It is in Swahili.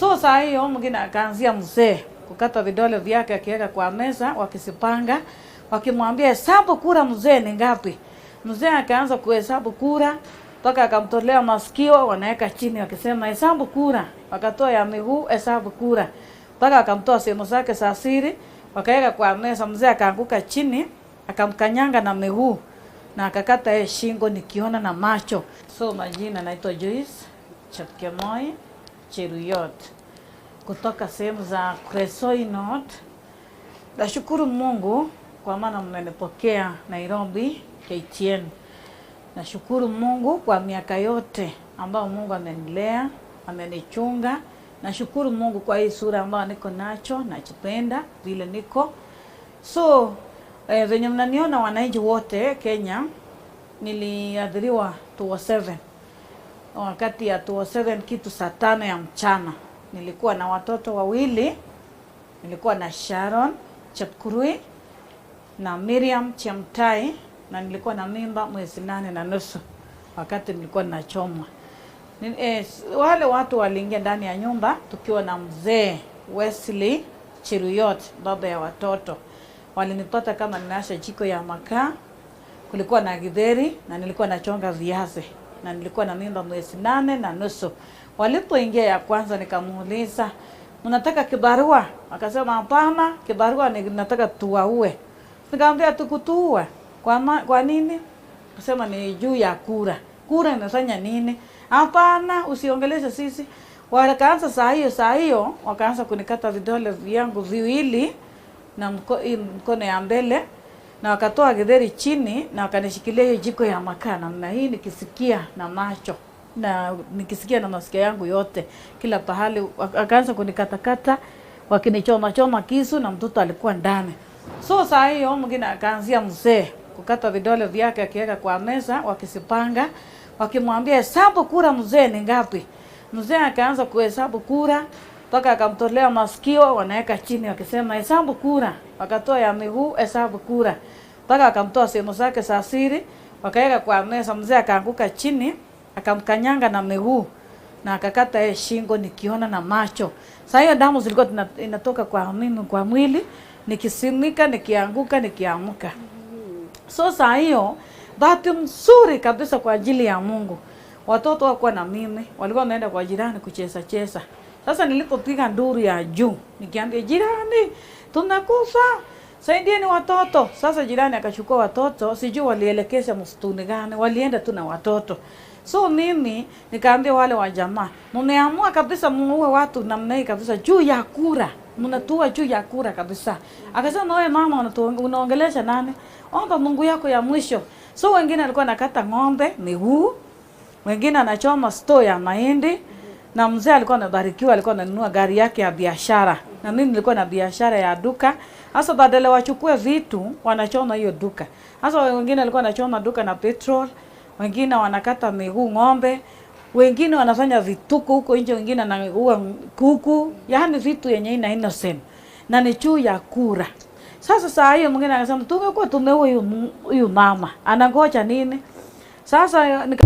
So saa hiyo mwingine akaanzia mzee kukata vidole vyake akiweka kwa meza, wakisipanga, wakimwambia hesabu kura mzee ni ngapi. Mzee akaanza kuhesabu kura mpaka akamtolea masikio, wanaweka chini wakisema hesabu kura, wakatoa ya miguu, hesabu kura, mpaka akamtoa simu zake za siri, wakaweka kwa meza. Mzee akaanguka chini, akamkanyanga na miguu na akakata yeye shingo, nikiona na macho. So majina naitwa Joyce Chepkemoi. Cheruyot kutoka sehemu za Kresoinot. Nashukuru Mungu kwa maana mmenipokea Nairobi KTN. Nashukuru Mungu kwa miaka yote ambayo Mungu amenilea, amenichunga. Nashukuru Mungu kwa hii sura ambayo niko nacho, nachipenda vile niko. So eh, venye mnaniona wananchi wote Kenya, niliadhiriwa 2007 wakati ya 2007 kitu saa tano ya mchana, nilikuwa na watoto wawili, nilikuwa na Sharon Chepkurui na Miriam Chemtai, na nilikuwa na mimba mwezi nane na nusu wakati nilikuwa nachomwa. Eh, wale watu waliingia ndani ya nyumba tukiwa na mzee Wesley Chiruyot, baba ya watoto. Walinipata kama ninasha jiko ya makaa, kulikuwa na githeri na nilikuwa nachonga viazi na nilikuwa na mimba mwezi nane na nusu. Walipoingia ya kwanza, nikamuuliza mnataka kibarua? Akasema hapana, kibarua nataka tuwaue. Nikamwambia tukutuue kwa, ma, kwa nini? Akasema ni juu ya kura. Kura inafanya nini? Hapana, usiongeleze sisi. Wakaanza saa hiyo saa hiyo wakaanza kunikata vidole vyangu viwili na mko, mkono ya mbele na wakatoa githeri chini na wakanishikilia hiyo jiko ya makaa namna hii, nikisikia na macho na nikisikia na masikio yangu yote, kila pahali. akaanza kunikatakata wakinichoma choma kisu, na mtoto alikuwa ndani. So saa hiyo mwingine akaanzia mzee kukata vidole vyake akiweka kwa meza, wakisipanga wakimwambia hesabu kura mzee ni ngapi. Mzee akaanza kuhesabu kura mpaka akamtolea masikio, wanaweka chini wakisema hesabu kura, wakatoa ya miguu, hesabu kura, mpaka akamtoa simu zake za siri, wakaweka kwa meza. Mzee akaanguka chini, akamkanyanga na miguu na akakata yeye shingo, nikiona na macho. Sasa hiyo damu zilikuwa inatoka kwa mimi kwa mwili, nikisimika, nikianguka, nikiamka. So saa hiyo bahati mzuri kabisa kwa ajili ya Mungu, watoto wakuwa na mimi, walikuwa wanaenda kwa jirani kucheza cheza sasa nilipopiga nduru ya juu, nikiambia jirani, tunakufa saidieni watoto. Sasa jirani akachukua watoto, sijui walielekesha msituni gani, walienda tu na watoto. So mimi nikaambia wale wa jamaa, mmeamua kabisa muue watu namna hii kabisa, juu ya kura mnatua juu ya kura kabisa. Akasema wewe mama, unaongelesha nani? Omba Mungu yako ya mwisho. So wengine alikuwa nakata ng'ombe miguu, wengine anachoma store ya mahindi na mzee alikuwa anabarikiwa, alikuwa ananunua gari yake ya biashara, na mimi nilikuwa na biashara ya duka. Sasa badala wachukue vitu, wanachoma hiyo duka. Sasa wengine walikuwa wanachoma duka na petrol, wengine wanakata miguu ng'ombe, wengine wanafanya vituko huko nje, wengine anaua kuku, yaani vitu yenye ina innocent na ni juu ya kura. Sasa saa hiyo mwingine anasema tungekuwa tumeua huyu mama, anangoja nini? Sasa nika